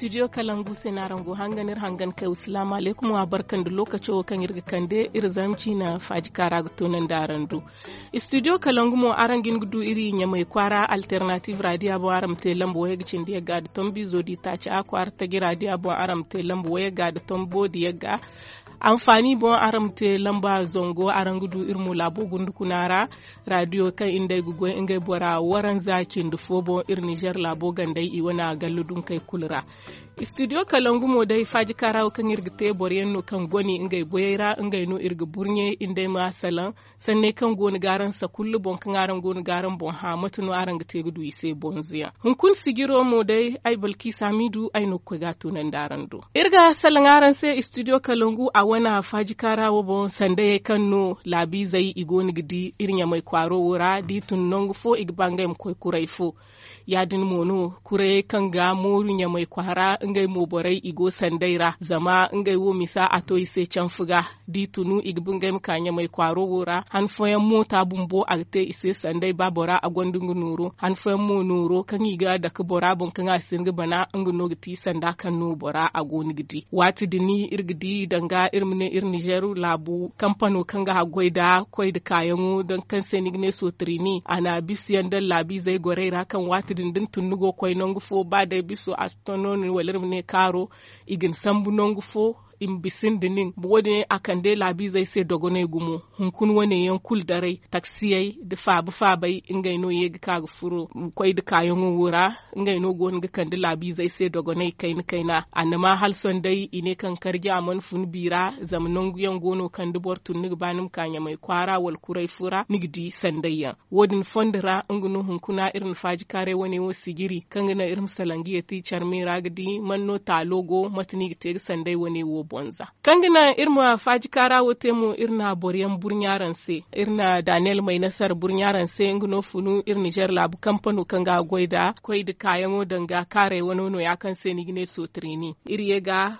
studio kalangu rango hanganir hangan kai assalamu alaikum wa barkan da lokaci wa kan irga kande zamci na faji kara tonan darandu studio kalangu mo arangin gudu iri nya mai kwara alternative radio bo aram te lambo gicin da ga da tombi zodi ta ci akwar ta gi radio bo aram te lambo waya ga da tombo da ga amfani bon aramte lamba zongo arangudu irmu labo gundu kunara radio kan inda gugu inga bora waran zakin dufo bon ir niger labo gandai iwana galludun kai kulra studio kalangumo dai faji karawo kan irgite boryen no kan goni ingai boyera ingai no irga burnye indai ma salan sanne kan goni garan sa kullu bon kan garan goni garan bon ha matu no aran gite gudu ise bonziya hun kun sigiro mo dai ai balki samidu ai no ko gato nan daran do irga salan aran sai studio kalangu a wana faji karawo bon sande kan no labi zai igoni gidi irnya mai kwaro wura tun nongo fo igbangem koy kurai fo yadin mono kure kan ga morunya mai kwara ngai mo igo sandaira zama ngai wo misa ato ise chanfuga di tunu igbun ngai mkanya mai kwaro wora han foyan mota bumbo agte ise sandai ba bora agondungu nuro han foya mo nuru kan iga da ka bora bon kan asin bana ngu no giti sanda kan no bora agoni gidi wati dini irgidi danga irmine ir Nigeru labu kampano kan ga goida koi da kayan don kan senigne so trini ana bisiyan da labi zai kan wati dindin tunugo koi nongu fo ba da biso astononi wale lerem ne karo igin sambu nongu fo In bisin imbisindinin wani akande labi zai se dogonai gumo hunkun wani yankul rai taksiyai da fabi fabai ingai no ye ka furo kwai da kayan wura ingai no gon ga kandi labi zai se na kain kaina annama halson dai ine kan kargi a manfun bira zamanin guyan gono kan dubar tunni nig banim kanya mai kwara wal kurai fura nigdi sandayya wadin fondira gunu hunkuna irin faji kare wani wo sigiri kan gina irin salangiya ti charmi ragdi manno talogo matni te sandai wani wo bonza kangina irma faji kara wote irna boriyan burnyaran se irna daniel mai nasar burnyaran se ngno funu ir niger labu kampanu kanga goida koida kayamo danga kare wano no ya kan se gine so trini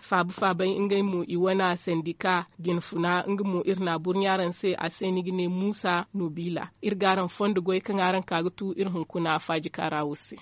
fabu faban ingai mu iwana sendika ginfuna ngmu irna burnyaran se a se gine musa nubila irgaran fondo goy kangaran kagutu ir hunkuna faji kara wose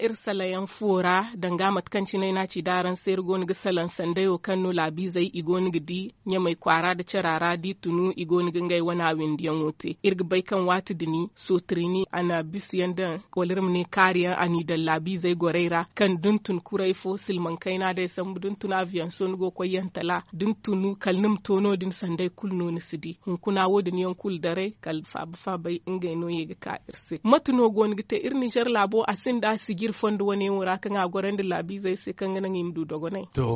irsa layan fora danga matkanci na ci daren sayar goni gisalan sandayo kanno labi zai igoni gidi nya mai kwara da carara di tunu igoni gangai wani awin diyan wote. irgi bai kan wati dini so trini ana bisu yanda kwalirim ne kariya ani da labi zai goraira kan duntun kurai fo silman kaina da san duntun aviyan son go yan tala duntunu kalnim tono din sandai kulno ni sidi. Hunkuna wodin yan kul dare kal fa bai ingai no yega ka irsi Matuno goni gite ir jar labo asin da sigir fondo wani wura kan a goren da labi zai se kan ganin imdu dogo ne to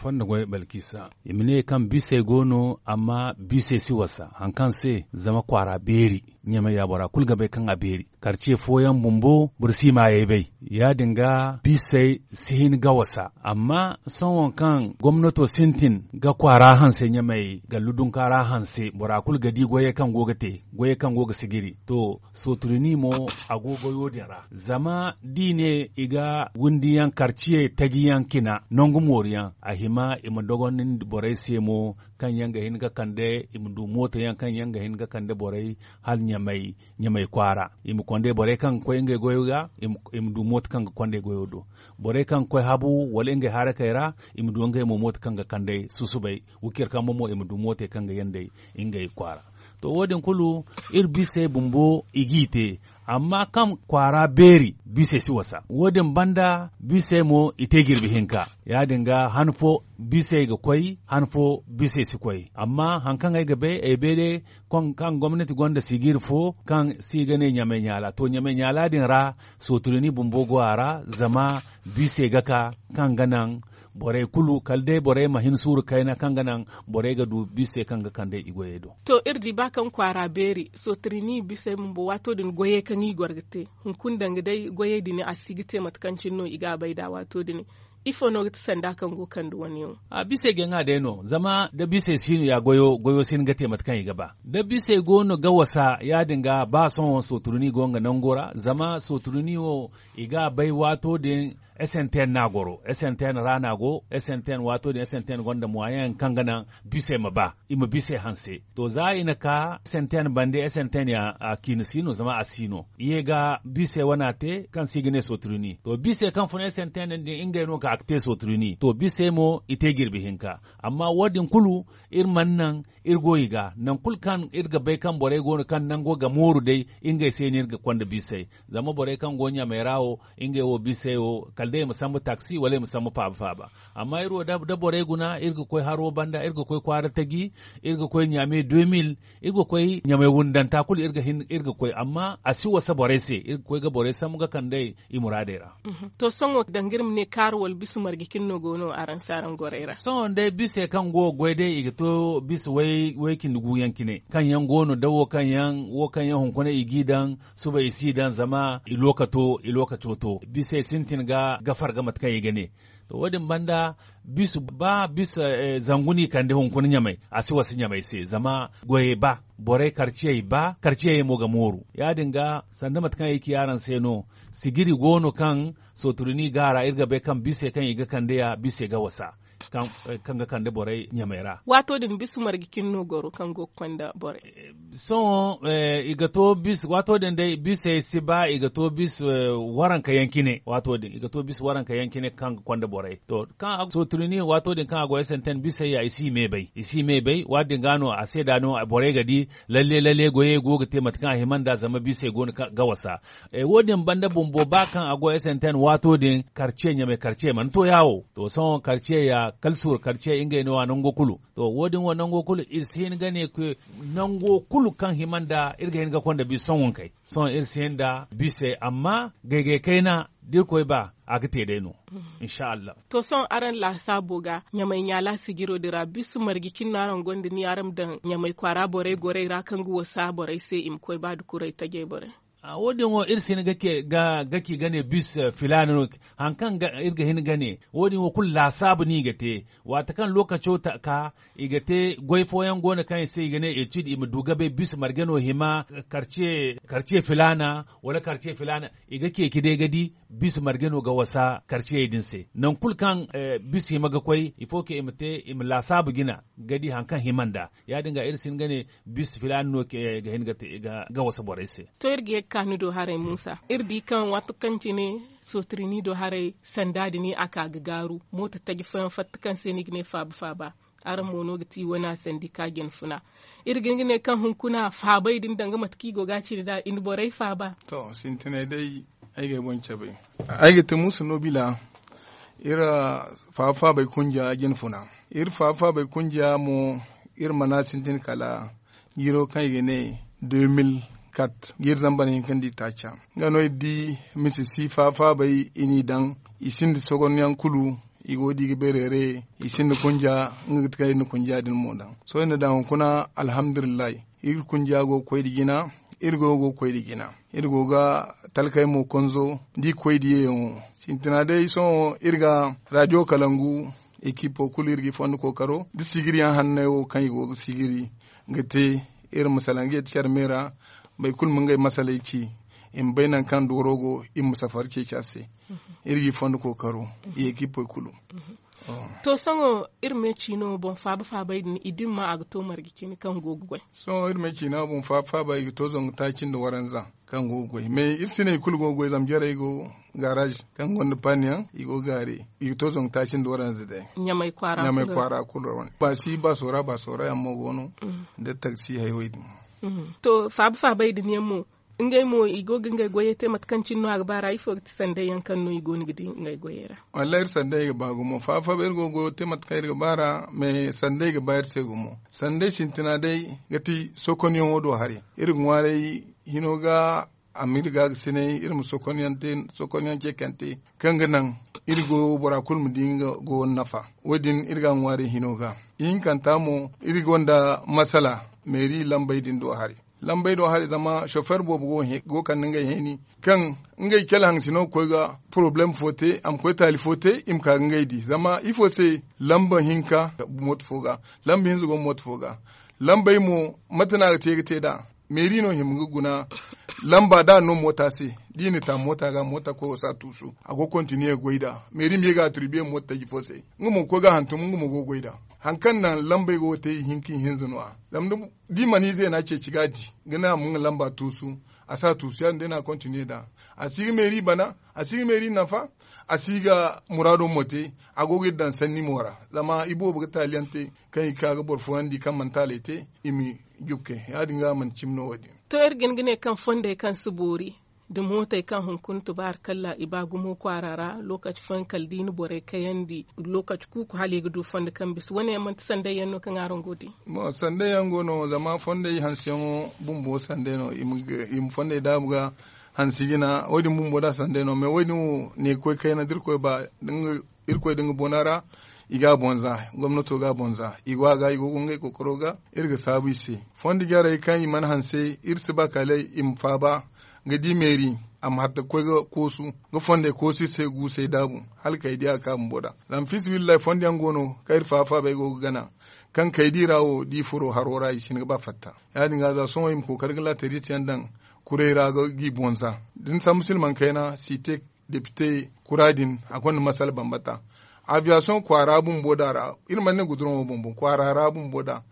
fondo goy e balkisa imine kan bise gono amma bise siwasa hankan sai zama kwara beri nyama ya bora kulga bai kan a beri karce foyan bumbo bursi ma yi bai ya dinga bisai sihin gawasa. amma son wankan gwamnato sintin ga kwara hanse ya mai ga ludun kara hanse burakul gadi goye kan te goye kan goga sigiri to soturini mo agogo yodira zama dine iga wundiyan karciye tagiyan kina nongum woriyan ahima imadogonin borai semo kan yanga hin ga kande imdu mota yan kan yanga hin ga kande borai hal nyamai nyamai kwara imu konde bore kan ko inge goyo im, im du mot kan konde goyodo bore kan ko habu wala inge hare kaira im du nge mo mot kan kande susubay wukir kan mo im du mote kan yande inge kwara to wodin kulu irbise bumbo igite amma kan kwara beri bise si wasa. wadin banda bise mo ite girbihinka ya dinga hanfo bise ga kwai hanfo bise si kwai amma hankan ai gabe e bede kan kan gwamnati gwanda si fo kan gane nyame nyala to nyame nyala din ra sotulini bumbogo ara zama bise gaka kan ganan bore kulu kalde bore mahin suru kaina kanga nan bore ga du bise kanga kande igoye do to irdi bakan kwara beri so trini bise mbo wato din goye kan igorgate hun kundan dai goye dini sigite matkancin no iga da wato din ifo no sanda kan go kan duwani yau. A bise genga da no zama da bise sinu ya goyo goyo sin gate matkan yi gaba. Da bise no ga wasa ya dinga ba son trini gonga nan gora zama trini wo iga bai wato din SNTN nagoro SNTN ranago SNTN wato da SNTN gonda muayen kangana bise ma ba ima bise hanse to za ina ka SNTN bande SNTN ya a sino zama sino. iye ga bise wana te kan sigine sotruni to bise kan fune SNTN din inga yano ka akte sotruni to bise mo ite hinka. amma wadin kulu ir mannan ir ga. nan kul kan ir ga bai kan bore gono kan nan go ga moru dai inga sai ne ga kwanda bise zama bore kan gonya mai rawo inga wo bise wo kal kande musambu taxi wala musambu paba ba amma irwo da dabore guna irgo koy haro banda irgo koy kwara tagi irgo koy nyame 2000 irgo koy nyame ta kul irga hin irgo koy amma asi wasa bore se irgo koy ga bore samu ga kande i muradera mhm. to songo ngirim ne karwol bisu margi kinno gono aran saran gorera son de bise kan go gwede to bis wai wai kin dugu yankine kan yan gono wo kan yan wo kan yan hunkuna igidan suba isidan zama ilokato ilokato to bise sintin ga ga fargamat kai gane to wadin banda bisu ba bisa eh, zanguni kan da hunkun nyamai asu wasu nyamai sai zama goye ba bore karciye ba karciye mo ga moru ya dinga sanda matkan yake yaran sai no sigiri gono kan soturni gara irga be kan bise kan iga kan da ya bise ga wasa kan eh, kanga kande bore nyamera wato din bisu margi kinno goro kango kwanda bore so eh, igato bis wato din dai bis sai siba igato bis waran ka yankine wato din igato bis waran ka yankine kan kwanda bore to kan so tulini wato din kan agoy senten bis sai eh, ya isi me bai isi me bai wadin gano a seda no a bore gadi lalle lalle goye goga te matkan himan da zama bis sai eh, gona gawasa e wodi banda bombo ba kan agoy senten wato din karce nyame karce man to yawo to son karce ya kalsuwar karce inga ino wa nango kulu to wodin wa nango kulu irsin gane ku nango kulu kan himanda irga inga da bi son kai. son irsin da bise amma gaige kaina dirkoi ba agite no. Mhm. insha Allah to son aran la ga nyamai nyala sigiro dira su margikin naran gondi ni aram dan nyamai kwara bore gore ra kan guwa sa sai im koi ba dukurai tage bore a wodin wo irsin gake ga gake gane bis han eh, hankan ga irga hin gane wodin wo kul la sabu ni gate wata kan lokaco ta ka igate goifoyan gona kan sai gane e cid duga be bis margano hima karce karce filana wala karce filana igake ki dai gadi bis margano ga wasa karce idin se nan kul kan eh, bis hima ga koi ifo ke imte im la sabu gina gadi hankan himanda ya dinga irsin gane bis no ke eh, ga hin gate ga wasa borai se to irge kanu do harai musa irdi kan watu kanci ne sotrini do harai sandadi ni aka gagaru mota ta fat kan senig ne fab faba aran mono gati ti wana sandi gen funa irgin ne kan hunkuna fabai din danga matki goga ci da in borai faba to sintine dai ai ga bonce bai ai ga musu bila ira fafa bai kunja gen funa ir fafa bai kunja mu ir mana sintin kala giro kai ne 2000 kat gir zambana yankan di tacha noy di misi fa fa bai ini dan isin di sogon yan kulu igo digi berere isin di kunja ngit di ni kunja din modan so ina dan kuna alhamdulillah ir kunja go koy gina irgo go koy digina irgo ga talkai mo konzo di koy di yon sintina dai so irga radio kalangu ekipo kulirgi fondu ko karo di sigiri yan hannayo kan igo sigiri ngete ir masalangi et charmera bai kul mun gai masalaici in bainan kan dorogo in musafar ce kyase mhm. irgi fondu ko karo mhm. ye gipo kulu mhm. oh. to sango irme chino bon faba faba idin idin ma agto margi kini kan gogwe so irme chino bon fa fa yi to zon takin da waranza kan gogwe me isine kul gogwe zam jere go garage kan gonda paniya igo gare i to zon takin da waranza de nyamai kwara nyamai kwara kulu ba si ba sora ba sora ya mogono da taxi hayo to faabu faabai duniyan mo ngay mo igo ngay goye te mat kancin no agbara fo ti sande yan kan no igo ngidi ngay goyera wallahi sande ga bagu mo fa fa ber go te mat kayir ga bara me sande ga bayar se gumo sande sintina dai gati sokoniyon wodo hari irin ware hino ga amirga sine irin sokoniyan te sokoniyan ke kante kanga nan irgo bora kulmu dinga go nafa iri irga ware hino ga in kanta mo irgo da masala meri lambai din do hari lambai do hari zama chauffeur bo go go kan ngai heni kan ngai kel hang sino ko ga problem fote am ko tali fote im ka ngai di zama ifo se lamba hinka mot foga lambi hinzu go mot foga lambai mo matana te te da merino guguna lamba da no mota se dini ta mota ga mota ko sa tusu ago continue goida meri mi ga tribe mota ji fose ngumo ko ga hantum ngumo go goida hankan nan lamba go te hinkin hinzunwa lamdu di mani zai na ce cigadi gina mun lamba tusu a sa tusu yan dena continue da a sigi meri bana a sigi meri nafa a siga murado mote a goge dan sanni mora zama ibo buga taliyante kan i kaga borfo andi kan mantale te imi jukke ya dinga man cimno wadi to er gine kan fonde kan subori da mota kan hunkun tubar kalla iba gumo kwarara lokaci fan kaldini bore kayandi lokaci kuku hali du fonde kan bis wani yamma sanda yanno kan aron godi mo sanda yango no zama fonde hansiyon bumbo sanda no im im fonde dabuga hansigina wodi mum boda sandeno mais wodi ne koy na dir koy ba dinga ir koy dinga bonara iga bonza gwamnato ga bonza igwa ga igo gunga kokoro ga irga sabu ise fondi gara kan man hanse irsi ba kale imfa ba ga dimeri amma hatta koy ga kosu ga fonde kosi sai gu sai dabu halka idiya ka boda lam billahi fondi gono kair fafa bai go gana kan kai dirawo di furo harora isin ga ba fatta ya dinga za son yi kokar ga latari dan kurera ga bonsa din san musulman kaina site depute kuradin a kwanin masal bambata aviation kwara bun ra, ilman ne gudron bun bun kwara rabun boda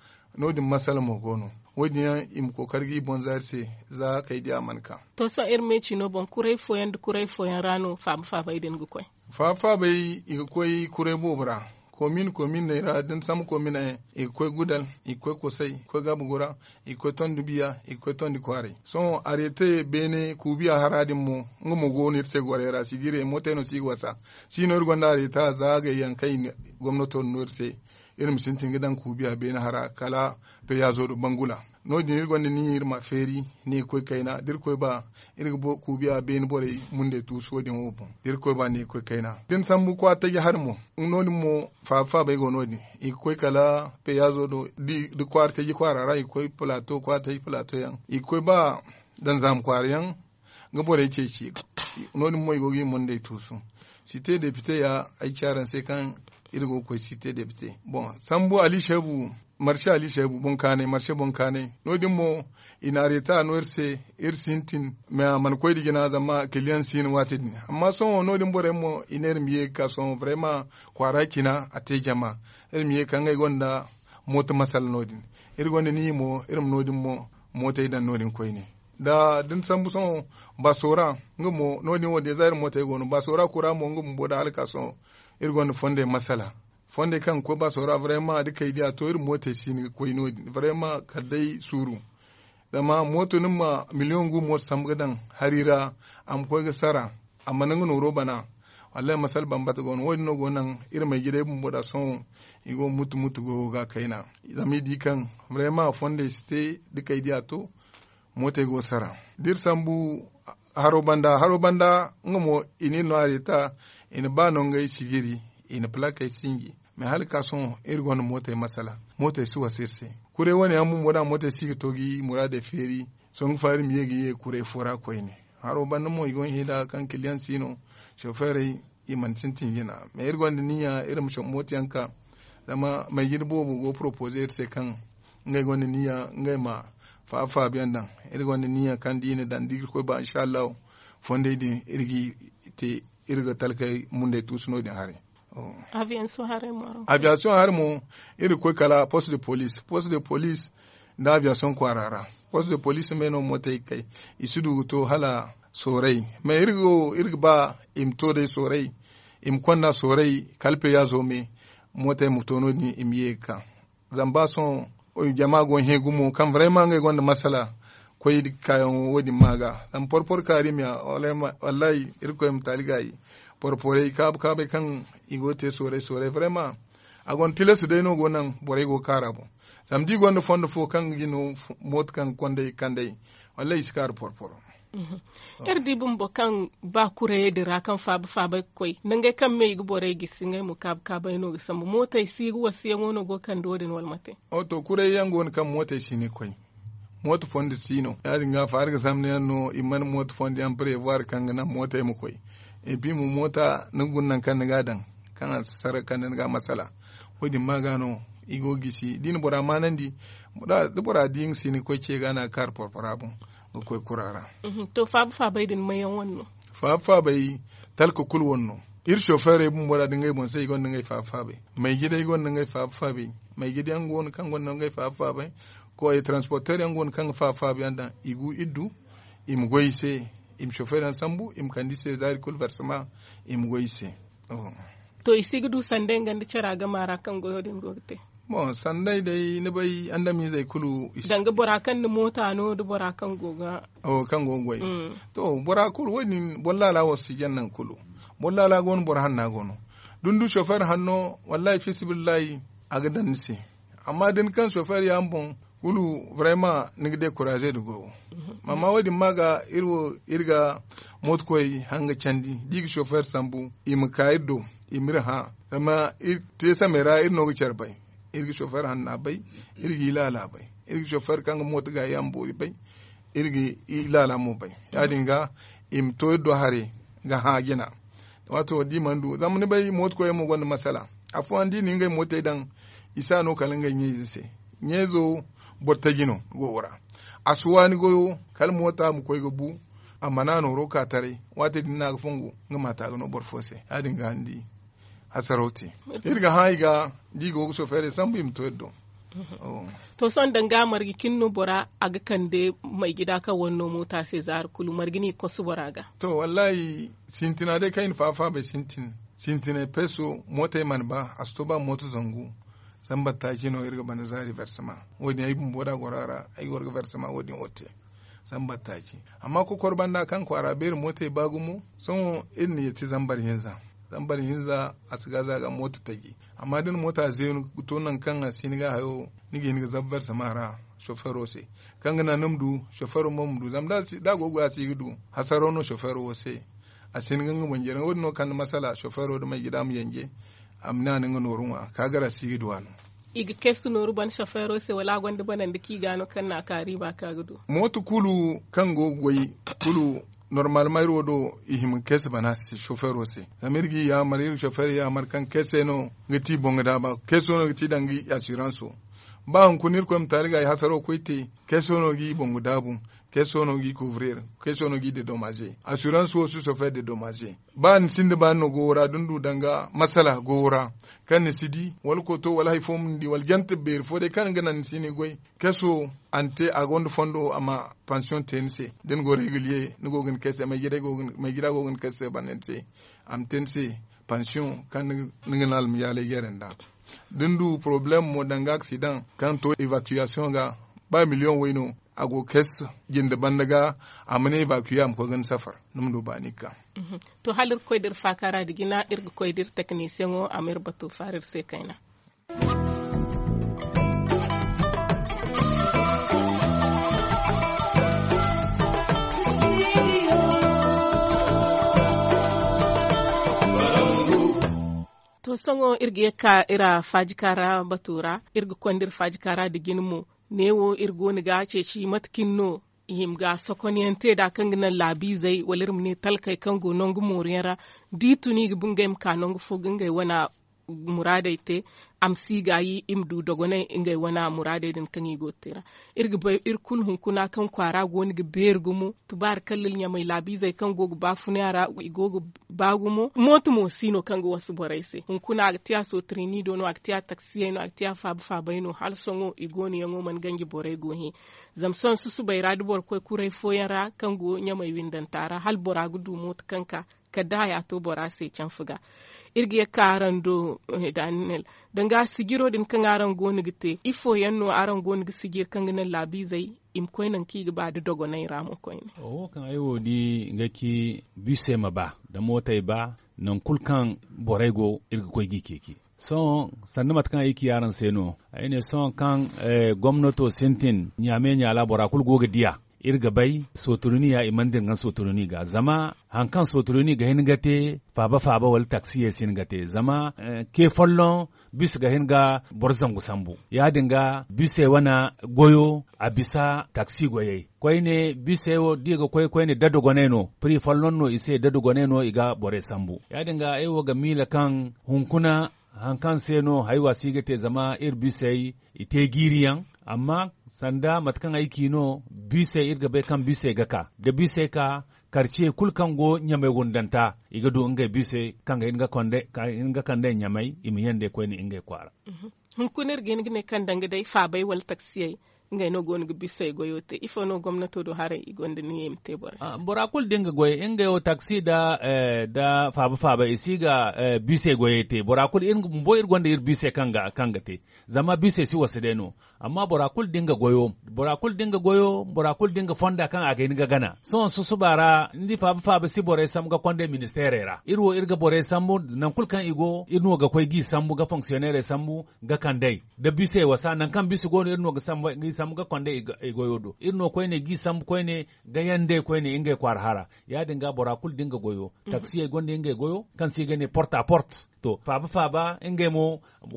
din masal mo gono yi im kokar gi bon se za ka yi diya manka to sa irin meci no bon kurai foyan kurai foyan rano fa fa bai den gukoi fa fa bai igoi kurai bobra komin komin na ira din sam komina na ikwe gudal ikwe kosai ikwe gabugura ikwe ton dubiya ikwe tondi kware. so arete bene kubiya haradin mu ngumu goni se ra sigire moteno sigwasa sinor gonda areta zaga yankai no norse irin sintin gidan kubiya bene hara kala pe yazo bangula no din gonde ni nir ma feri ni koy kayna dir koy ba ir bo biya ben bore munde tu so din wo dir koy ba ni koy kayna den sambu ko ta ya harmo no mo fa fa bai go no i koy kala pe yazo do di di kwarte ji kwara rai koy plateau ko ta yi plateau yan i koy ba dan zam kwariyan ga bore ce ci no ni mo igogi munde tu so cité député ya ay charan sekan kan irgo ko cité député bon sambu ali shebu ya ali kane bonkane bun bonkane no mo ina reta no erse ersintin ma man koy digina zama kiliyan sin watin amma son no dimbo remo iner miye ka son vraiment kwara kina ate jama er miye kanga gonda mota masal nodin er gonda ni mo n'o nodin mo mota idan nodin koy ne da din san buson basora ngumo nodin wo desire mota gono basora kura mo ngumo boda alka son ir gonda fonde masala fonde kan ko ba saura vraiment duka yi da toyir mota shi ne ko ino vraiment kadai suru dama moto nin ma miliyon gu mot samgadan harira am ko ga sara amma nan no roba na wallahi masal ban bata gon wodi no gonan ir mai gida bun boda son igo mutu mutu go ga kaina zami di kan vraiment fonde stay duka yi da to mota go sara dir sambu haro banda haro banda ngomo ini no arita ina ba no ngai sigiri ina plaka singi me hali ka sɔn eri gɔni masala mɔtɛ suwa sirse kure wani amu wada mɔtɛ sigi togi mura de feri son fari mi yegi ye kure fora koyne haro bandamo igon hida kan kiliyan sino shofere yi man sintin yana me eri gɔni niya eri mu mɔtɛ yanka dama mai yiri bobu go propose irse er kan ngai ni niya ngai ma fa fa biyan dan eri ni ya kan dine dan digir ko ba insha Allah fonde din irgi te irga talkai munde tusno din hare Oh. aviation haremo aro iri koi kala poste de police poste de police na aviation kwarara poste de police no mota kai isudu to hala sorai ma irgo im to de sorai im konna sorai kalpe ya zo me mota mutono ni im yeka zamba son o jama go he gumu kan vraiment ngai e gonda masala ko koy kayan wodi maga zam porpor karimia wallahi irko im taligai porpore ka ka be kan igote sore sore vrema agon tilas dai no gonan bore go karabo samdi gondo fondo fo kan gino mot kan konde kande wallahi iskar porporo yar mm-hmm. er di bumbo kan ba kure da rakan faba faba koy nan kam kan mai bore gi ngai mu kab ka bai no sam motay si ruwa wasi yan go kan do dodin walmate o to kure yan kan motay si ne koy moto fondi sino ari nga far ga samne no iman moto fondi am prevoir kan na mota mu koy e bi mu mota nangunnan kan gadan kan sara kan ga masala wodi magano igo gisi din bora manandi da bora din sini ko ce gana kar porpora bun ko kurara mhm, to fabu fabai din mayan wannan fabu fabai talko kul wannan ir chauffeur bun bora din ngai bon sai gon ngai fabu fabai mai gida gon ngai fabu fabai mai gida gon kan gon ngai fabu fabai ko ai transporteur gon kan fabu fabai anda igu iddu im goise im chauffeur ensemble im kandi zari kul versement im goyse oh. to isigdu sande ngandi caraga mara kan goyodin gogte bon sandai dai ni bai anda mi zai kulu danga borakan ni mota no du borakan goga o kan gogoi oh, mm. to borakul wani la wasu jannan kulu la gon borhan na gono dundu chauffeur hanno wallahi fisibillahi agadan si amma din kan chauffeur ya Kulu vraiment nigde courage du go mama wadi maga irwo irga mot koy hanga chandi digi chauffeur sambu im kaido imir ha amma ir tesa mera ir no charbay irgi chauffeur han na bay irgi ilala bay irgi chauffeur kanga mot ga yambo bay irgi ilala mo bay yadinga im toy do hare ga ha gina wato di mandu zamani bay mot koy mo gonda masala afwan di ninga mot dan isa no kalanga nyi se nyezo bortagino go ora aswani goyo kalmota mu koy go bu amma no roka tare wate dinna ga fungu ngama ta gano borfose hadin gandi andi irga haiga digo go so fere sambi im mhm. oh. to son danga margi kinno bora aga kande mai gida ka wanno mota sai zar kulu margini ko su bora ga to wallahi sintina de kain fafa be sintin sintine peso mota man ba astoba moto zangu sambata kino irga bana zari versama wodi ay boda gorara ay warga versama wodi ote sambata ki amma ko korban da kan kwara mota ko arabir mote bagumu son inni ci zambar hinza zambar hinza asiga zaga mota ta tagi amma din mota zai zenu tonan kan a sini ga hayo nige niga zabbar samara shofar shofero kan kangana namdu shofar mamdu zamda da gogo asigidu hasarono shofero wose sini ganga banjere wodno kan masala shofar da mai gida mu yange amna ni ga norunwa kagara sigi duwanu ig kesu noru ban shafero se wala gonde banan da ki gano kan na kari ba ka gudu motu kulu kan gogoyi kulu normal mai rodo ihim kese bana si shofero se amirgi ya marir shofero ya markan kese no ngati bonga da ba keso no ngati dangi assurance ba hunkunir ko mtariga hasaro koite kesono gi bongu dabun kesono gi couvrir kesono gi dédommager assurance wo su so fait dédommager ban sinde ban no gowora dun du danga masala gowora kan ne sidi wal ko to wala fo di wal jante ber fo de kan ganan sini goy keso ante agondo fondo ama pension tense den go régulier ni gogen kesse mai gida gogen mai gida gogen kesse banense am tense pension kan ngal mi yale gerenda dindu problem mo danga accident kan to evacuation ga ba miliyon a ago kes jinde bandaga amane evacuate ko gan safar num do banika mhm. to halir koydir fakara digina irgo koydir technicien o amir batu farir se kaina to sango irga yekka ira fajikara batura irga kwandir fajikara Diginmu, mu newo irgo niga shi matkin no yimga sokoniyante da kan gina labi zai walir talkai kan go nongu moriyara dituni gibungem ka nongu gingai wana murada Te. am siga sigayi imdu dogone ingay wana muradedin kangi gotera irga bay ir kun hun kuna kan kwara goni ga bergumu tubar kallil labi labizai kan gogo bafune ara igogo gumu motu mo sino kan go wasu boraise hun kuna tiya so trini dono aktia taksi no aktia fab fabaino hal songo igoni yango man gangi borai gohi zamson susu bay radbor ko kurai foyara kan go nyamai windantara hal boragu du mot kanka ka daya to bora se can fuga irgi ya karan do eh, danel danga sigiro din kan aran goni gite ifo yanno aran goni sigir kan gina labi zai im koinan ki ba da dogo nai ramu koin o kan aiwo di ngaki bise ma ba da motai ba nan kulkan borego irgi koy gi keke son sannimat kan aiki yaran seno ne son kan eh, gwamnato sintin nyame nyala bora kulgo diya irga bai soturuni ya imandin dinga soturuni ga zama hankan soturuni ga hin gate faba faba wal taxi ya sin gate zama eh, ke follon bis ga hin ga borzan gusambu ya dinga bise wana goyo a bisa taxi goye kwai ne bise wo diga kwai kwai ne dado goneno pri follon no ise dado goneno iga bore sambu ya dinga aiwo ga mila kan hunkuna hankan seno haiwa sigate zama irbisai ite giriyan amma sanda matkan aiki no bise irga bai kan bise gaka da bise ka karce kulkan go nyamai gundanta iga du inga bise kanga inga konde inga kande nyamai imi yande ko ni kwara mm-hmm. hun kunir gin gine kan fa bai wal taksiyai ngay no gonga bisa e goyote il faut no to do hare e gonde ni te bor ah, bora kul dinga goy inga yo taxi da eh, da faba faba e siga eh, bise goyete bora kul en boyr gonde ir bise kanga kanga te zama bise si no amma bora kul dinga goyo bora kul dinga goyo bora kul dinga fonda kan aga ni gana so su bara ndi faba faba si bore sam ga konde ministere ra irwo irga bore sambu nan kul kan igo irno ga koy gi sambu ga fonctionnaire sambu ga kandai da bise wasa nan kan bise gono irno ga sambu sam ga kwande goyodo irno koyne gi sam koyne ga yande koyne inge kwar hara ya dinga bora kul dinga goyo mhm. taxi e gonde inge goyo kan si gane porte a porte to faba faba inge mo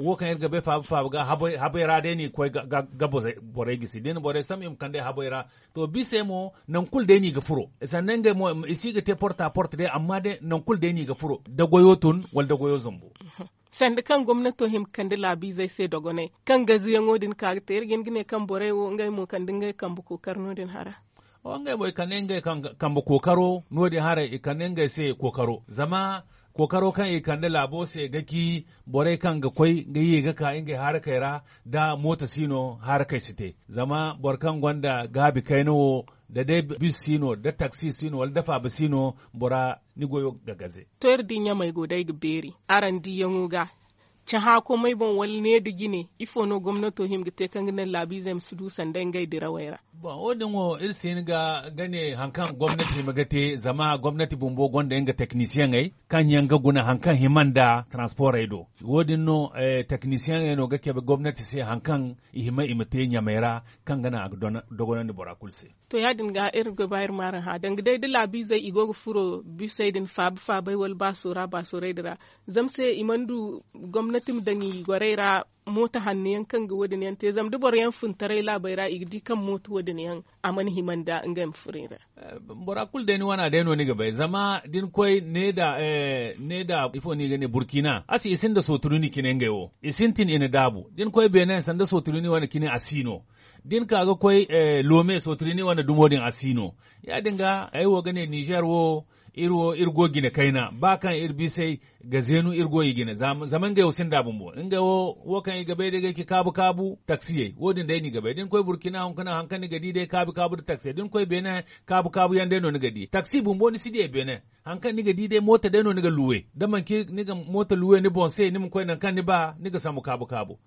wo kan erga be faba faba ga habo habo ra de ni koy ga ga bore bore gi den bore sam im kande habo ra to bise mo nan kul de ni ga furo nan ga mo isi ga te porte a porte de amma de nan kul de ni ga furo da goyo tun wal da goyo zombo mhm. sende kan gomnato him Kande labi zai sai dogone kan gazi yan odin karta er irgin gine kan bore wo ngai mo kande ngai kan buku karno din hara o ngai boy ikane ngai kan karo no nodin hara ikane ngai sai kokaro zama kokaro kan Kande labo sai gaki bore kan ga koi ga yi ga ka inga hara kaira da mota sino hara kai site zama borkan gwanda gabi kaino da dai bis sino da taxi sino wal dafa ba sino bora ni goyo gaze. to yirdi nya mai godai gberi aran di yanguga ha ko mai bon wal ne di gine ifo no gwamnato him ga tekan gine labi su dusan dan gai dira waira ba odin wo irsin ga gane hankan gwamnati te zama gwamnati bumbo gonda yanga technician ai kan yanga guna hankan himan da transport o wodin no eh, technician ai no ga ke gwamnati sai hankan ihima imate nyamera kan gana dogonan da borakulse to ya ga irin ga bayar maran ha dan gidai labi zai igogo furo bisaidin fab fabai wal basura basurai dira sai imandu gwamnati gwamnatim dani gwarera mota hanniyan kan ga wadin yan tezam dubor yan funtare la bayra igdi kan moto wadin yan aman himanda ngam furira eh, borakul deni wana deno ni gabe zama din koy ne da eh, ne da ifo ni gane burkina asi isin da soturuni kinen gayo isin tin ina dabu din koy benin san da ni wana kine asino din kaga koy eh, lome ni wana dumodin asino ya dinga ai wo gane niger wo irwo irgo gine kaina ba kan irbi sai ga zenu irgo gina zaman ga yosin dabun bo in ga wo kan yi gabai daga ki kabu kabu taksiye wodin da ni ga din koy burkina hon kana hankani gadi dai kabu kabu da taksiye din koy bene kabu kabu yan daino no ni gadi taksi bun bo ni sidi bene hankali ni gadi dai mota daino ni ga luwe da man ki ni ga mota luwe ni bon sai ni mun koy nan kan ni ba ni ga samu kabu kabu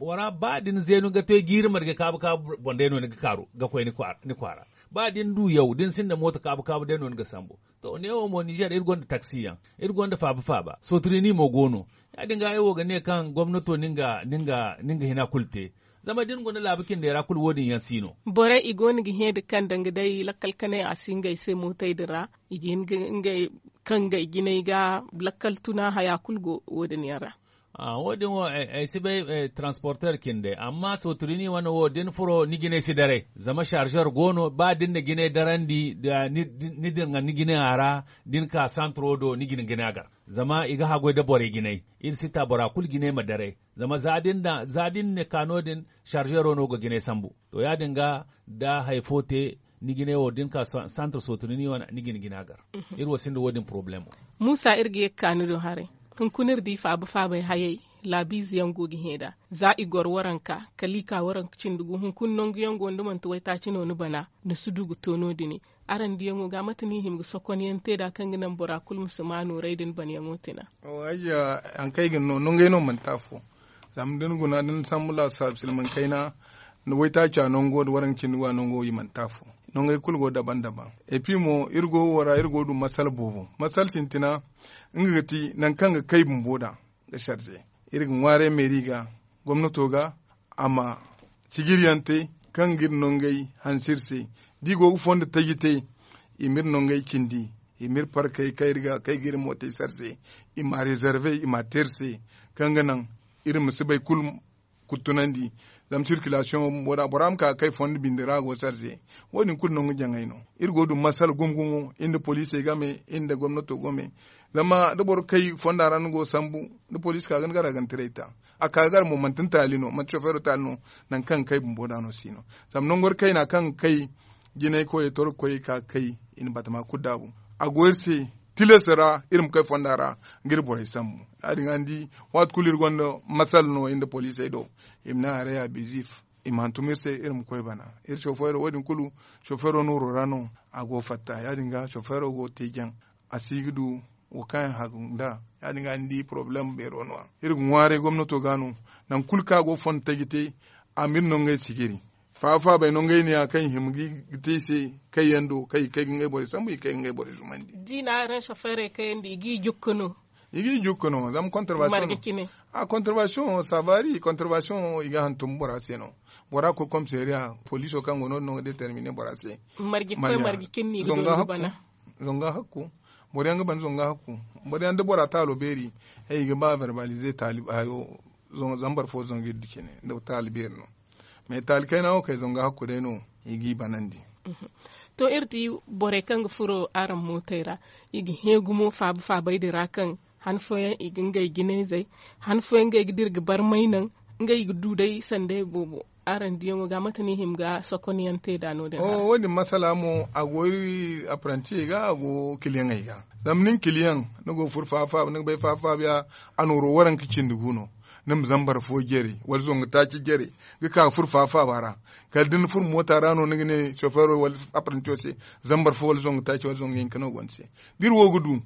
wara ba din zenu ga toy girmar ga kabu kabu bon daino no ni ga karo ga koy ni kwara ba din du yau din sinda mota kabu kabu dai ni ga sambo to ne o mo Niger irgon da taksiyan irgon da faba ba trini mo gono ya dinga ayo ga ne kan gwamnato ninga ninga ninga hina kulte zama din gona labukin da ya rakul wodin ya sino bore igoni gi hedi kan danga dai lakkal kane asinga ise tai dira igin ngai kan ga igine ga lakal tuna haya kulgo wodin yara a ah, wodin wo ai eh, eh, sibe eh, transporter kinde amma sotrini wani wodin furo ni gine si dare zama chargeur gono ba din da gine darandi da ni din ni gine ara din ka santrodo ni gine gine agar zama iga hagoi da bore ginai si sita bora kul ma madare zama zadin da zadin ne kanodin chargero ga gine sambu to ya dinga da haifote ni gine wodin ka santar sotuni ni wana ni gine ginagar mhm. ir wasin da wodin problem musa irge kanudo hare tun kunir di fa abu fa bai hayai labiz yango giheda za igor waranka kalika waran cindugu hun kunnon gi yango nduman tuwaita cino ni bana na sudugu tono dini aran mu ga matini ga sokon te da kan ginan bora kul musulmanu raidin ban yango tina o aja an kai gino non gai non manta fo zam din guna din samula sa silman kaina no ta cha non go do waran cin wa non go yi manta fo non gai kul go daban daban e pi mo irgo wara irgo du masal bobo masal sintina ngati nan kan ga kai boda da sharje irgin ware meriga gwamnato ga amma sigiriyante kan gir nongai hansirse digo fonde tagite e imir nongai cindi, e imir par e kay kai riga kai gir mota sarse ima reserve ima terse kanga nan irin musibai kul kutunandi zam circulation boda. boram ka kay fonde bindira go sarse woni kul nongu jangaino irgo dum masal gumgumo inda police game inda gomnato gome zama do bor kai fonda ran go sambu do police ka gan gara gan treita aka gar mo mantin talino man chofero talino nan kan kay bumbodano sino zam nongor kai na kan kai jinai koye tol koye ka kai in batama se tile sara irim kai fondara ngir samu. sammu adi ngandi wat kulir gondo masal no inda police do imna ya bizif se irim koy bana ir chauffeur wadin kulu chauffeur rorano a go fatta ya dinga chauffeur go tijan asigdu wo kan hagunda ya dinga ndi problem be ronwa ir ngware gomnato gano nan kulka go fon tagite amin no ngai sigiri fafa bai non gaini a kan himgi tese kai yando kai kai ngai bore sambu kai ngai bore zumandi dina ran shafere kai ndi gi jukkuno igi jukkuno zam conservation a ah, conservation savari conservation iga hantum bora seno bora ko comme seria police o kango non non déterminer bora se margi ko margi kinni do bana zonga hakku bore anga ban zonga hakku bore ande bora talo beri e iga ba verbaliser talib ayo zambar fo zongi dikene do talibirno mais talkai na kai zonga hakure no igi banandi to irti bore kan furo aran motaira igi mo fabu fabai dira kan hanfoyan igin ngai gine zai hanfoyan gai dirga bar mainan ngai dudai sande bobo aran diyo ga matani him ga sokoniyan te da no da oh wani masala mo agori apprenti ga ago kiliyan ga zamnin kiliyan nago furfafa nago bai fafa ya anoro waran kicin duguno nim zambar fo gere wal zonga ci gere ga ka fur fa fa bara kal din fur mota rano ni ne chauffeur wal apprentice zambar fo wal zonga ci wal zonga yin kano gonse dir wo gudu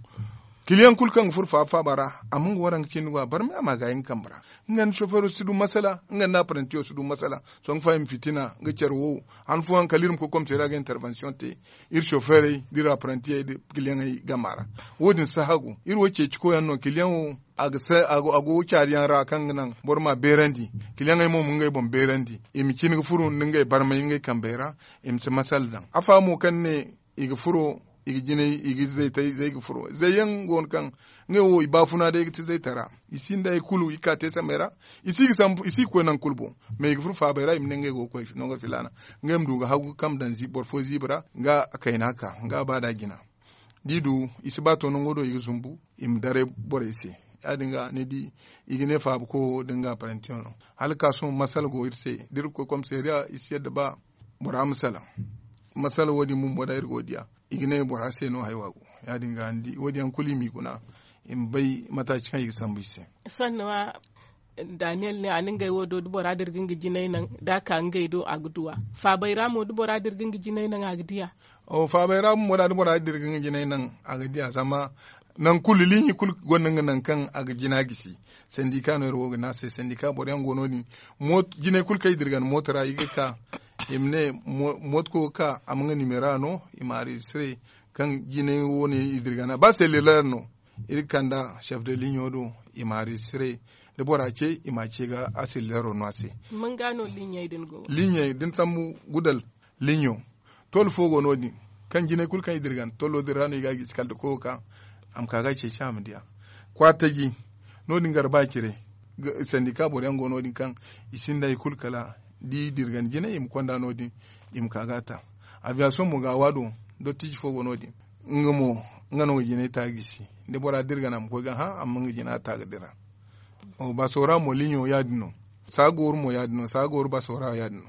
kiliyan kulkan furfa fa bara amun waran wa bar mi ama gayin kambara ngan shoferu sidu masala ngan na parentio sidu masala son fayim fitina ga cerwo an fu an kalirum ko kom tera ga intervention te ir shofere dira parentio de kiliyan ay gamara wodin sahagu ir wace ciko no kiliyan wo agse ago ago chari ra kan nan borma berandi kiliyan ay mo mun ngay bom berandi im kin furu bar barma ngay kambera im se masal dan afa mo kan ne iga furu. igi jine igi zai ta zai gi furo zai yan gon kan nge wo i bafuna da ti zai tara isi da ikulu ika tesa mera isi ki sam isi ko nan kulbo me gi furu fa bayra imne nge go ko no ngar filana nge mdu ga hagu kam dan zi bor fo zibra nga akaina ka nga bada gina didu isi to no ngodo igi zumbu im dare bor isi adinga ne di igi ne fa ko dinga parention halka sun masal go irse dir ko kom seria isi da ba bora musala masala wadi mun bada ir godiya igine bora ku ya dinga andi wodi an mi kuna in bai mataci kan yi sambu se sanwa daniel ne anin gai wodo dubora dirgin gi jinai nan da ka an gaido a guduwa fa bai ramu dubora dirgin gi jinai nan a gudiya o fa bai ramu wada dubora dirgin gi jinai nan a sama nan kulu ni kul gonin nan kan a gisi sendika no rogo er na sai sendika boren gononi mot jinai kulkai dirgan motara yiga ka imne motko ka amnga nimerano imari sre kan gine woni idirgana ba se lelerno iri kanda chef de ligne do imari sre da bora ce ima ce ga asil lero no ase mun gano idin go ligne din tamu gudal ligne tol fogo no kan gine kul kan idirgan tolo dirano ga giskal da koka am kaga ce cham dia kwataji no din garba kire sandika bore ngo no din kan isinda ikul kala ɗi dirgan jine im kondanodi ɗim kagata aviation mo ga waɗo dottiji fof wonodi ngamo nganogo jine tagisi nde ɓora dirganam koy ga ha amma ngo jina a tagadira o basora mo ligno yadino sagoru mo yadino sagoru basora yadino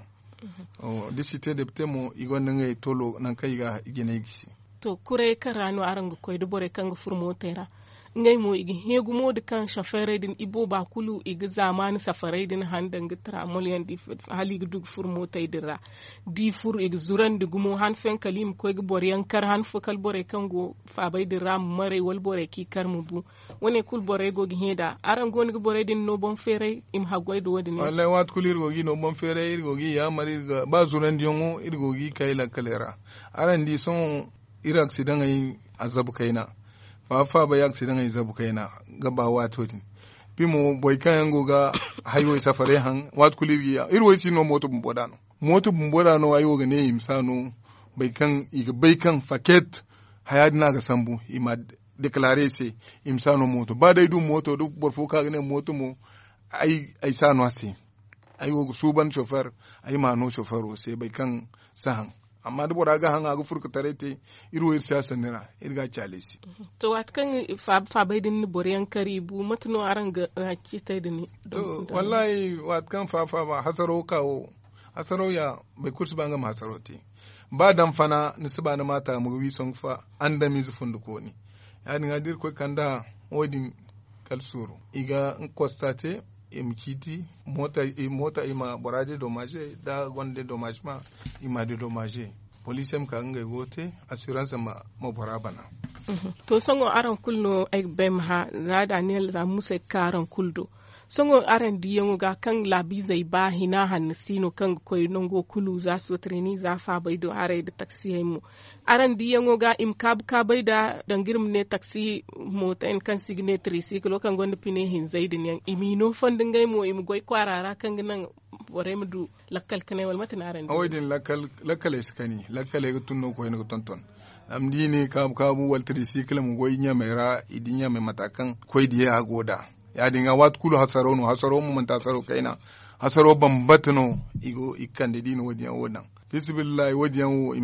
o disite depte mo igonnangay tolo nankayiga jine gisi to kure karano arango koyde ɓore kango furmo tera ngai mo igi hegu modi kan shafere din ibo ba kulu igi zamani safare din handa gitra molian di hali gi dug fur mota dira di fur igi zuran di gumo han fen kalim ko igi bor yankar han fu kal bore kan go fa bai dira mare wal bore ki kar mu bu woni kul bore go gi heda aran gon gi bore din no bon fere im hagoy do wadi ne wallahi wat kulir go gi no bon fere irgo gi ya mari ba zuran di yongo irgo gi kayla kalera aran di son irak sidan ayi azabu kaina wa fa ba yak sidan ai zabu kaina gaba wato din bi mo boy kan yango ga hayo safare han wat kulibi ya irwo si no moto bumboda no moto bumboda no ayo ga ne imsanu bai kan iga bai kan faket na ga sambu ima declare se imsanu moto ba dai du moto du borfo ka ne moto mo ai ai sanu ase ai wo suban chauffeur ai no chauffeur se bai kan sahan amma duk bora ga hanga ga furka tarete iru ir siyasa nira irga chalesi mhm. to wat kan fa fabai din ni boryan karibu matno aranga hakita din to wallahi wat kan fa fa ba hasaro kawo hasaro ya bai kursu banga hasaro te ba dan fana ni suba na mata mu wi son fa an da mizu fundu ni ya dinga dir ko kanda wodin kalsuru iga kostate im mota mota ima borade dommage da gonde dommage ma ima de dommage police em ka ngai wote assurance ma mo borabana mhm. to songo aran kulno ay bem ha za daniel za musa karan kuldo songo aran diyango ga kan labi zai ba hina hannu sino kan koyi nongo kulu za su trini za fa bai do arai da taksi mu aran diyango ga im kab ka bai da dangirim ne taksi ta en kan signe tricycle kan gonda pine hin zai din yan imino fandin gai mu im goi kwarara kan nan wore mu du lakkal kane wal matin aran awai din lakkal lakkale skani lakkale tunno koyi no tonton am dini kab kabu wal tricycle mu goi nya mai ra nya mai matakan koyi diya goda dinga wat kulu hasaro no hasaro mu manta hasaro kaina hasaro bambatno igo de dino wodiyan wodan wodi wodiyan wo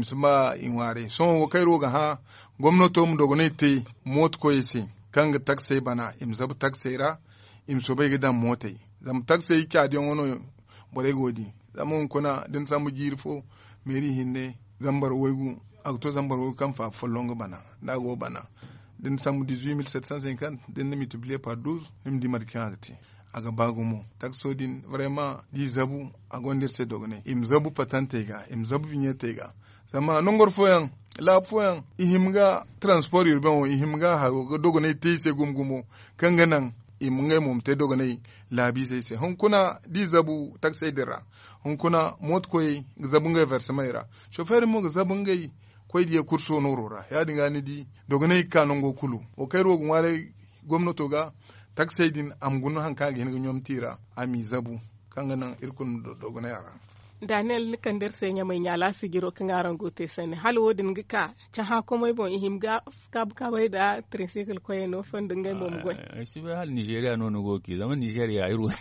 in ware so wo kairo ga ha gomnato mu dogo te mot ko yisi kanga takse bana imzab taxera imso bai gidan motai zam takse kya de wono bore godi zamun kuna din samu jirfo meri hinne zambar waygu akto zambar waygu kan fa folong bana dago bana din samu 18750 din nemi multiplier par 12 kyanati aga bago mo tak so din vraiment di zabu agondir se dogne im zabu ga im zabu ga sama nongor foyan la foyan ihimga transport urbain o ihimga ha dogne teise gumgumo kanganan nge mum te dogonai bi se se hon kuna di zabu se dira hon kuna mot koyi zabungai versamaira mo mu nge koy diye kurso norora yadin gani di ka kanongo kulu o kayro gumare gomnato ga taksaidin amgunu hanka gene nyom tira ami zabu kangana irkun dogonay ara daniel nukan kan sai senya mai nyala su giro kan aran gote sani hal din gi ka cha ha ko mai bon ihim ga ka buka bai da tricycle ko no fan din gai bom gwai a ah, eh, shi bai hal nigeria no no goki zama nigeria iru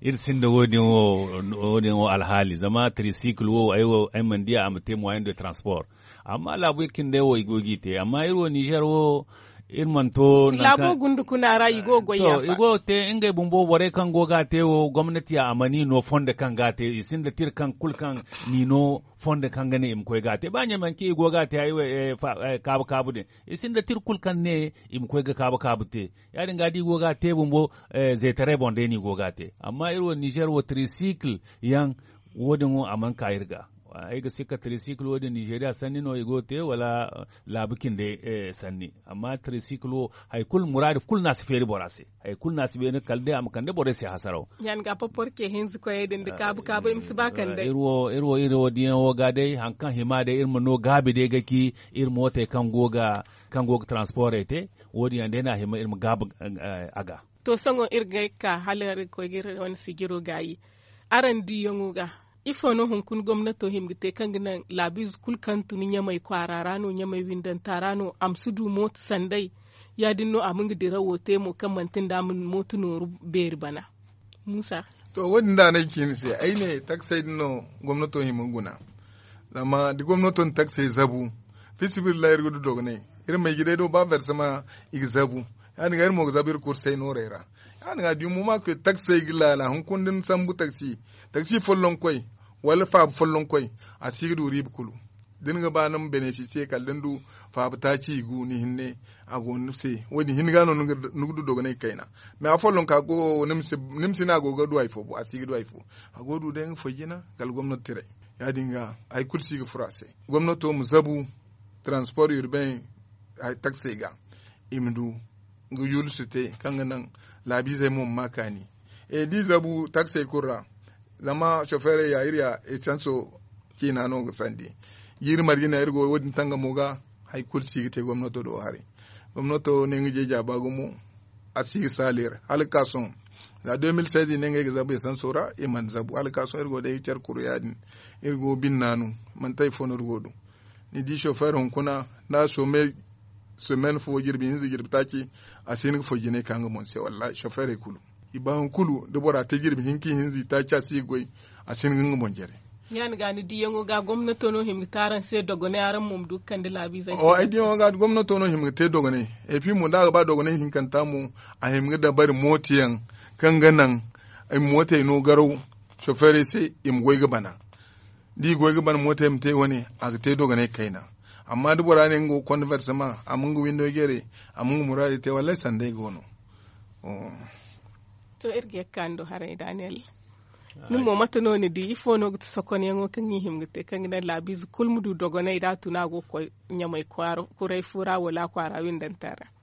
ir sin da wodin wo wodin wo alhali zama tricycle wo ai wo ai man dia am temo ayin de transport amma labukin da wo igogi te amma iru nigeria wo irmanto labo gundu kuna ra go goya to igo te inga bumbo bore kan goga te wo gwamnati a amani no fonde kan ga te isin da tir kan kul kan ni no fonde kan gane im koy te banya man ki ga te ayi we eh, eh, kabu kabu de isin da tir kul kan ne im koy ga kabu kabu te ya ga di igo te bumbo eh, ze tare bonde ni ga te amma irwo niger wo tricycle yang wodin wo aman kayirga aiga sika tricycle wo nigeria sanni no igo te wala eh, labukin da eh, sanni amma tricycle wo hay kul murad kul nas feri borase hay kul nasu be ne kalde am kande borase hasaro yan ga popor ke hinz ko yeden de kabu kabu im eh, bakan kande irwo irwo irwo diyan wo ga dai hankan hima da irmo no gabi de gaki irmo te kan goga kan goga transport ete wodi yan na hima irmo gabu eh, aga to sango irgai ka halar ko gir wani sigiro gayi aran diyonguga ifono kun gwamnato kan kangina labis kulkantu ni nyamai kwararano nyamai tarano amsudu mot sandai rawo te mu kan mantin kamantin mun motu noru beri bana musa to wannan da nake ni sai ai ne taksai dinno gwamnato guna lama di gwamnaton taksai zabu fisibil layar gudu dogne irin mai gidai do ba versama igzabu an ga irin mo zabir kursai rera an ga di mu ma ke taksai gilala la kun din sambu taksi taksi follon koi wal fab fullun koy asiru rib kulu din dinga banan benefice kallin du fab ta ci gu ni hinne a go nimse wani hin gano nugdu dogane kaina me a fullun ka go nimsi nimse na go ga du aifo bu asiru du aifo a go du den fojina gal gwamnati tire ya dinga ai kulsi ga furase gwamnato mu zabu transport urbain ai taxi ga imdu ngu yulu sute kanga nan labi zai mun makani e di zabu taxi kurra zama chofere ya irya itanso kina no sandi yir margina irgo wodin tanga moga hay kul sigite gomnato do hari gomnato ne ngi jeja bagumu asig salir halkason la 2016 ne ngi zabu san sora iman zabu halkason irgo de cer kuriyadin irgo binnanu man tay fonor godu ni di chauffeur hon kuna na so me semaine fo jirbi ni jirbi taki asin fo jine kanga mon wallahi chauffeur kulu iban kulu da bora ta girbi hinki hinzi ta ca si goi a sin ginga bonjere yan di yango ga gwamnato no himi taran sai dogone aran mum dukkan da labi zai o ai di yango ga gwamnato no himi te dogone e fi mun da ga ba dogone hinkan ta mu a himi da bar motiyan kan ganan ai motai no garo shofere sai im goi ga bana di goi ga bana motai mte wani a te dogone kaina amma da dubura ne ngo converse ma amungu window gere amungu murari te wallahi sande gono oh. to irge kando hare daniel ni mo mata noni di ifo no gutu sokon yango kan yi himga te kan gidan labiz du mudu da tuna go ko nyamai kwaro kurai fura wala kwara windan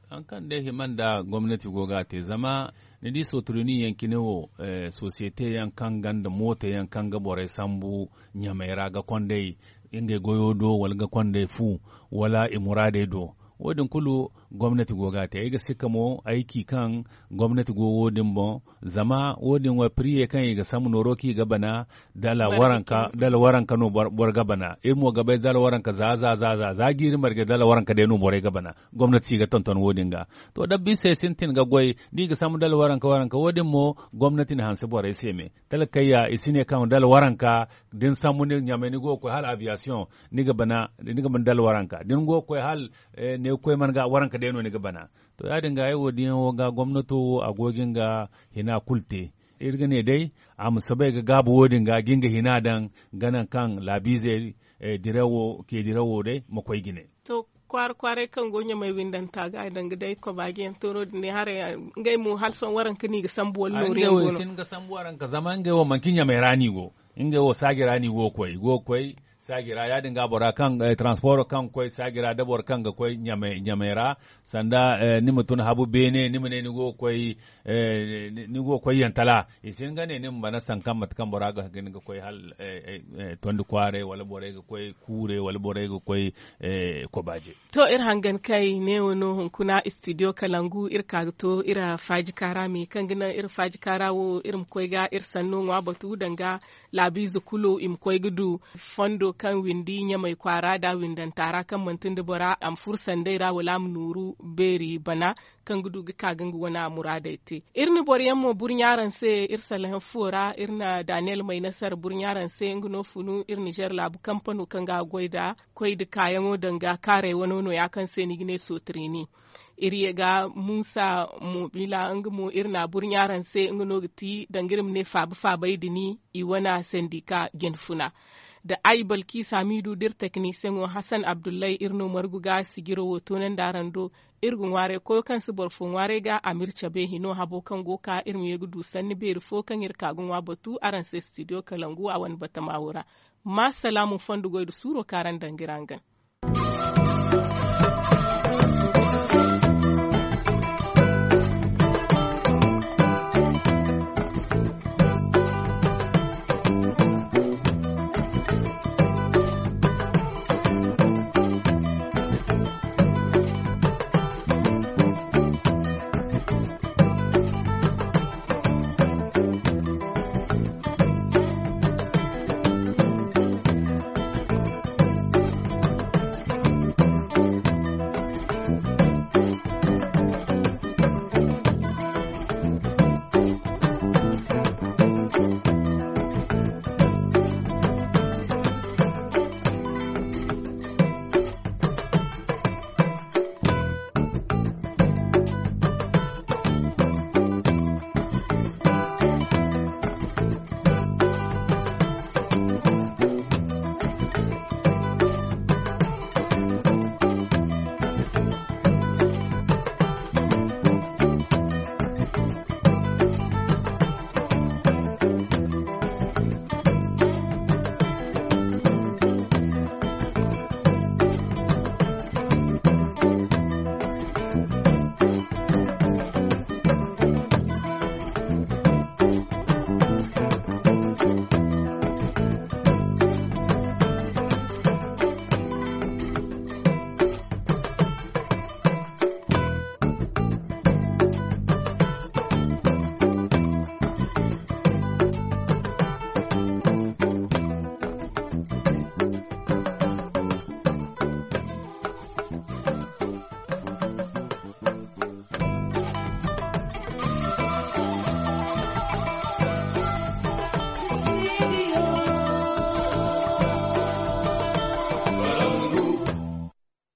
an kan da himan da gwamnati goga te zama ne di soturuni yankine wo eh, societe yankan ganda mota yankan ga bore sambu nyamai raga kondei inga goyo do ga kondei fu wala imurade do wadin kulu gwamnati goga ta ga sika mo aiki kan gwamnati go wodin bon zama wodin wa priye kan ga samu noroki gabana dala waranka dala waranka no bor gabana e mo gabai dala waranka za za za za za giri marge dala waranka de no bore gabana gwamnati ga tonton wodin ga to dabbi sai sintin ga goy di ga samu dala waranka waranka wadin mo gwamnati na hanse bore sai me talakayya isine kan dala waranka din samu ne nyame ni go ko hal aviation ni gabana ni gaban dala waranka din go ko hal ne eh, ne koy man ga waran ka deno ni ga bana to ya dinga yi wodiyan wo ga gwamnato a gogin ga hina kulte irga ne dai a musabai ga gabu wodin ga ginga hina dan ganan kan labize eh, direwo ke direwo dai makwai gine to kwar kware kan gonya mai windan ta ga dan ga dai ko bage to ro ne hare ngai mu hal son waran kini ga sambuwal lore ngono ngai sin ga sambuwaran ka zaman ga wo mankinya mai rani go ngai wo sagi rani go koi go koi sagira ya dinga bora kan eh, transport kan koy sagira da dabor kan ga koy nyame nyamera sanda eh, ni mutun habu bene ni mene ni go koy eh, ni go koy yantala isin gane ni mbana san kan mat kan bora ga gani ga koy hal eh, eh, eh, tondu kware wala bore ga koy kure wala bore ga koy eh, kobaje to ir hangan kai ne wono hunkuna studio kalangu ir kagto ira faji kara mi kan gina ir faji kara wo irim koy ga ir sannu wa batu danga labi zukulo im koy gudu fondo kan windi nya mai kwara da windan tara kan mantin da bara am fursan dai ra wala nuru beri bana kan gudu ga kagan wana murada ite irni boriyan mo burnyaran se irsalhan fura irna daniel mai nasar burnyaran se ngno funu irni jer labu kampano kan ga goida koy da kayan danga kare wani no ya kan se ni gine so iri ga musa mobila ng irna burnyaran se ng ti dangirim ne fab fabai dini iwana sendika genfuna da ai balki samidu dir technician o hassan abdullahi irno marguga sigiro woto nan darando irgun ware ko kan su borfun ware ga amir chabe hino habo kan goka irmu yegu dusan ni bai fo kan irka gun wa batu aran se studio kalangu a wani bata mawura ma salamu fandu goidu suro karan dangirangan